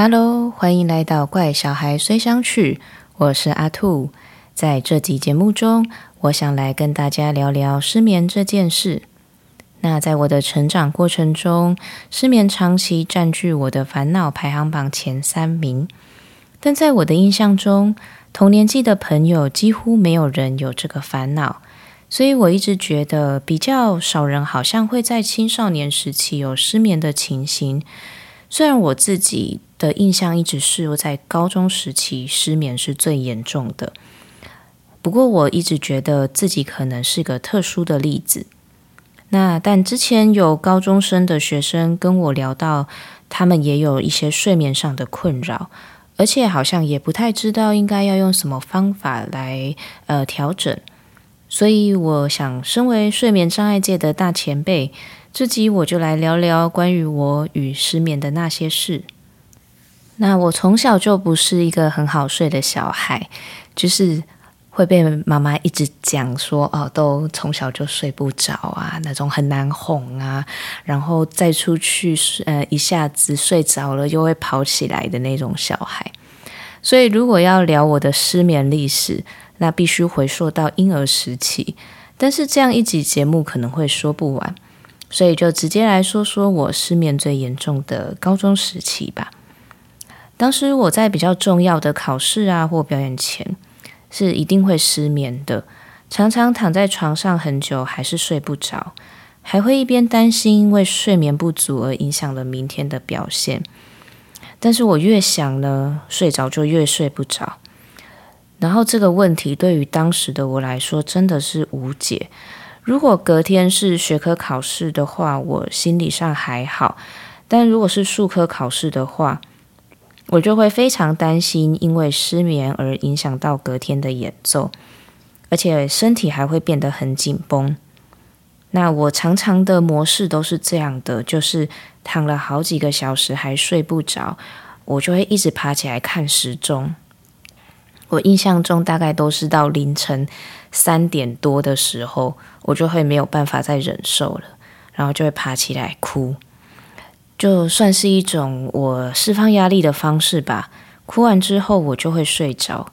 Hello，歡迎來到《怪小孩睡相曲》，我是阿兔。在這集節目中，我想來跟大家聊聊失眠這件事。那在我的成長過程中，失眠長期佔據我的煩惱排行榜前三名。但在我的印象中，同年紀的朋友幾乎沒有人有這個煩惱，所以我一直覺得比較少人好像會在青少年時期有失眠的情形。雖然我自己。的印象一直是我在高中時期失眠是最嚴重的。不過我一直覺得自己可能是個特殊的例子。那但之前有高中生的學生跟我聊到，他們也有一些睡眠上的困擾，而且好像也不太知道應該要用什麼方法來呃調整。所以我想，身為睡眠障礙界的大前輩，這集我就來聊聊關於我與失眠的那些事。那我從小就不是一個很好睡的小孩，就是會被媽媽一直講說哦，都從小就睡不着啊，那種很難哄啊，然後再出去呃一下子睡着了又會跑起來的那種小孩。所以如果要聊我的失眠歷史，那必須回溯到嬰兒時期。但是這樣一集節目可能會說不完，所以就直接來說說我失眠最嚴重的高中時期吧。當時我在比較重要的考試啊或表演前，是一定會失眠的，常常躺在床上很久還是睡不着，還會一邊擔心因為睡眠不足而影響了明天的表現。但是我越想呢，睡着就越睡不着。然後這個問題對於當時的我來說真的是無解。如果隔天是學科考試的話，我心理上還好，但如果是術科考試的話，我就會非常擔心，因為失眠而影響到隔天的演奏，而且身體還會變得很緊繃。那我常常的模式都是這樣的，就是躺了好幾個小時還睡不着，我就會一直爬起來看時鐘。我印象中大概都是到凌晨三點多的時候，我就會沒有辦法再忍受了，然後就會爬起來哭。就算是一種我釋放壓力的方式吧，哭完之後，我就會睡着。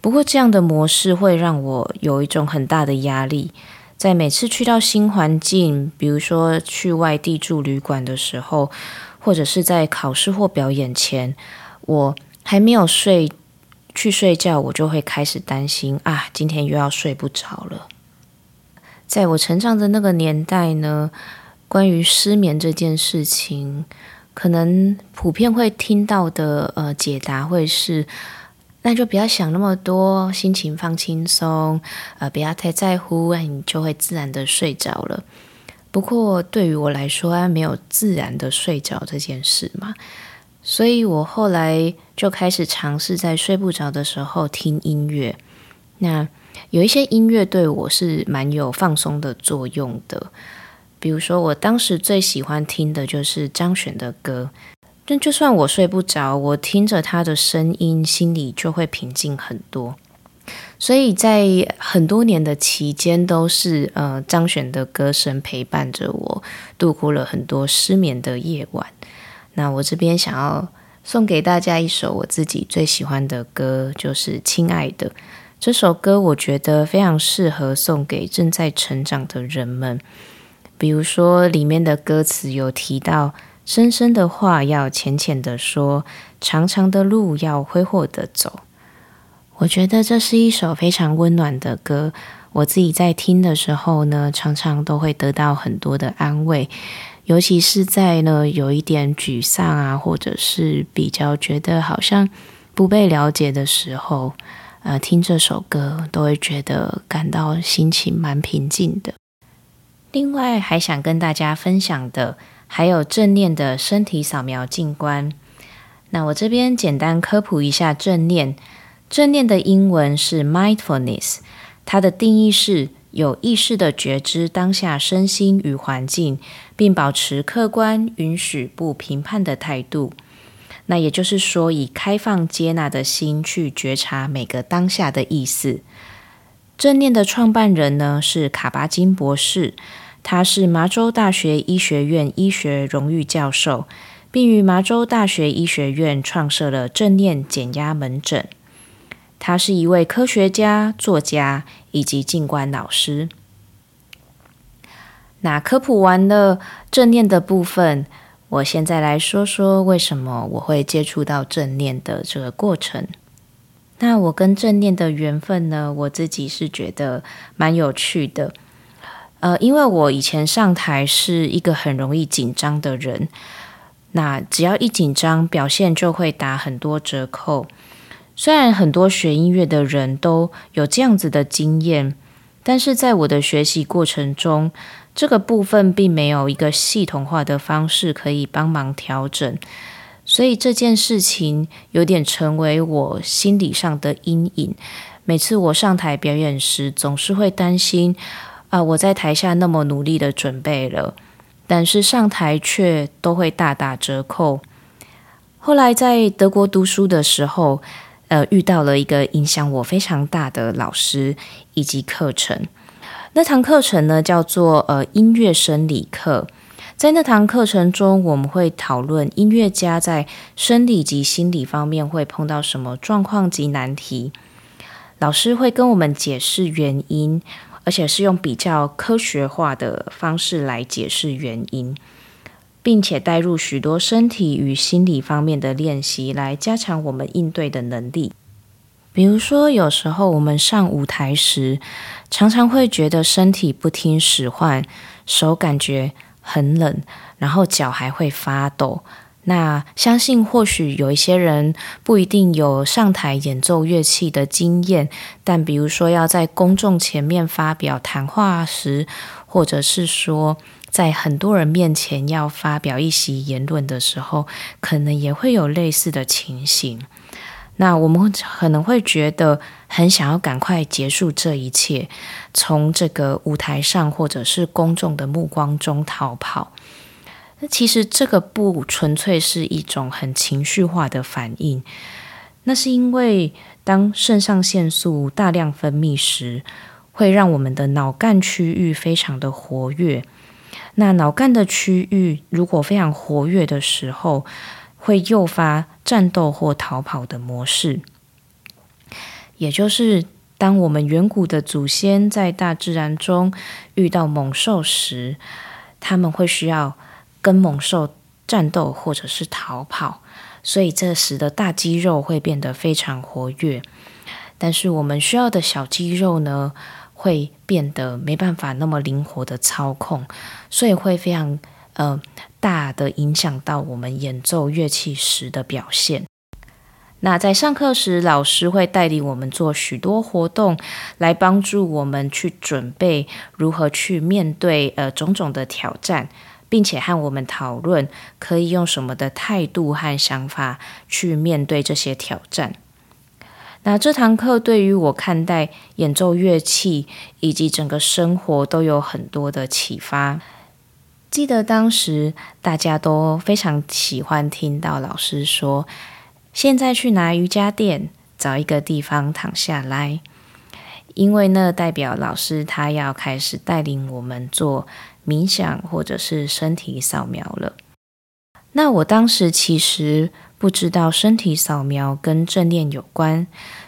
不過，這樣的模式會讓我有一種很大的壓力。在每次去到新環境，比如說去外地住旅館的時候，或者是在考試或表演前，我還沒有睡去睡覺，我就會開始擔心啊，今天又要睡不着了。在我成長的那個年代呢，關於失眠這件事情，可能普遍會聽到的呃解答會是，那就不要想那麼多，心情放輕鬆，呃不要太在乎，那你就會自然的睡着了。不過對於我來說啊，沒有自然的睡着這件事嘛，所以我後來就開始嘗試在睡不着的時候聽音樂。那有一些音樂對我是蠻有放鬆的作用的。比如說，我當時最喜歡聽的就是張懸的歌。但就算我睡不着，我聽着他的聲音，心裡就會平靜很多。所以在很多年的期間，都是呃張懸的歌聲陪伴着我，度過了很多失眠的夜晚。那我這邊想要送給大家一首我自己最喜歡的歌，就是《親愛的》。這首歌我覺得非常適合送給正在成長的人們。比如說，裡面的歌詞有提到“深深的話要淺淺的說，長長的路要揮霍的走。”我覺得這是一首非常溫暖的歌。我自己在聽的時候呢，常常都會得到很多的安慰，尤其是在呢有一點沮喪啊，或者是比較覺得好像不被了解的時候，呃，聽這首歌都會覺得感到心情蠻平靜的。另外，還想跟大家分享的還有正念的身體掃描靜觀。那我這邊簡單科普一下正念。正念的英文是 mindfulness，它的定義是有意識地覺知當下身心與環境，並保持客觀、允許不評判的態度。那也就是說，以開放接納的心去覺察每個當下的意思。正念的創辦人呢是卡巴金博士。他是麻州大學醫學院醫學榮譽教授，並於麻州大學醫學院創設了正念減壓門診。他是一位科學家、作家以及靜觀老師。那科普完了正念的部分，我現在來說說為什麼我會接觸到正念的這個過程。那我跟正念的緣分呢，我自己是覺得蠻有趣的。呃，因為我以前上台是一個很容易緊張的人，那只要一緊張，表現就會打很多折扣。雖然很多學音樂的人都有這樣子的經驗，但是在我的學習過程中，這個部分並沒有一個系統化的方式可以幫忙調整，所以這件事情有點成為我心理上的陰影。每次我上台表演時，總是會擔心。啊、呃！我在台下那麼努力的準備了，但是上台卻都會大打折扣。後來在德國讀書的時候，呃，遇到了一個影響我非常大的老師以及課程。那堂課程呢，叫做呃音樂生理課。在那堂課程中，我們會討論音樂家在生理及心理方面會碰到什麼狀況及難題。老師會跟我們解釋原因。而且是用比較科學化的方式來解釋原因，並且帶入許多身體與心理方面的練習來加強我們應對的能力。比如說，有時候我們上舞台時，常常會覺得身體不聽使喚，手感覺很冷，然後腳還會發抖。那相信或許有一些人不一定有上台演奏樂器的經驗，但比如說要在公眾前面發表談話時，或者是說在很多人面前要發表一席言論的時候，可能也會有類似的情形。那我們可能會覺得很想要趕快結束這一切，從這個舞台上或者是公眾的目光中逃跑。其實這個不純粹是一種很情緒化的反應，那是因為當腎上腺素大量分泌時，會讓我們的腦幹區域非常的活躍。那腦幹的區域如果非常活躍的時候，會誘發戰鬥或逃跑的模式，也就是當我們遠古的祖先在大自然中遇到猛獸時，他們會需要。跟猛獸戰鬥或者是逃跑，所以這時的大肌肉會變得非常活躍，但是我們需要的小肌肉呢，會變得沒辦法那麼靈活的操控，所以會非常呃大的影響到我們演奏樂器時的表現。那在上課時，老師會帶領我們做許多活動，來幫助我們去準備如何去面對呃種種的挑戰。並且和我們討論可以用什麼的態度和想法去面對這些挑戰。那這堂課對於我看待演奏樂器以及整個生活都有很多的啟發。記得當時大家都非常喜歡聽到老師說：“現在去拿瑜伽墊，找一個地方躺下來，因為那代表老師他要開始帶領我們做。”冥想或者是身體掃描了，那我當時其實不知道身體掃描跟正念有關，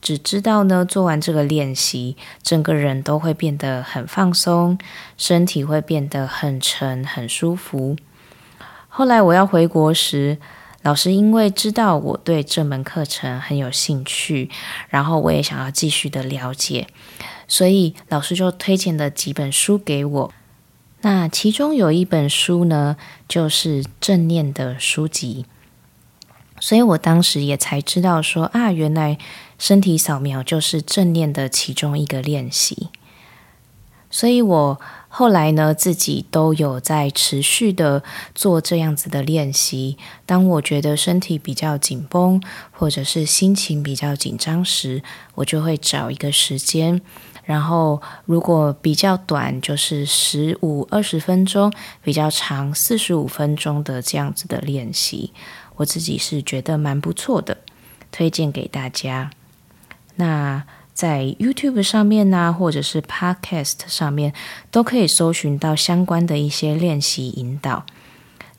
只知道呢，做完這個練習，整個人都會變得很放鬆，身體會變得很沉，很舒服。後來我要回國時，老師因為知道我對這門課程很有興趣，然後我也想要繼續的了解，所以老師就推薦了幾本書給我。那其中有一本書呢，就是正念的書籍，所以我當時也才知道說啊，原來身體掃描就是正念的其中一個練習。所以我後來呢，自己都有在持續的做這樣子的練習。當我覺得身體比較緊繃，或者是心情比較緊張時，我就會找一個時間。然後，如果比較短，就是十五、二十分鐘；比較長，四十五分鐘的這樣子的練習，我自己是覺得蠻不錯的，推薦給大家。那在 YouTube 上面呢啊，或者是 Podcast 上面，都可以搜尋到相關的一些練習引導。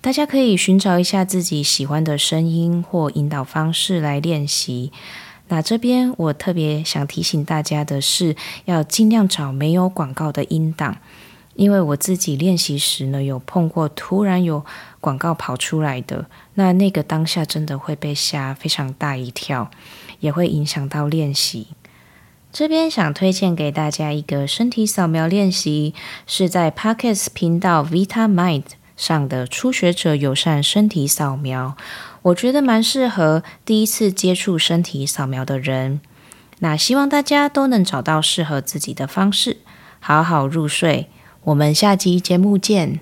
大家可以尋找一下自己喜歡的聲音或引導方式來練習。那這邊我特別想提醒大家的是，要盡量找沒有廣告的音檔，因為我自己練習時呢，有碰過突然有廣告跑出來的，那那個當下真的會被嚇非常大一跳，也會影響到練習。這邊想推薦給大家一個身體掃描練習，是在 Pockets 頻道 Vita Mind 上的初學者友善身體掃描。我覺得蠻適合第一次接觸身體掃描的人，那希望大家都能找到適合自己的方式，好好入睡。我們下期節目見。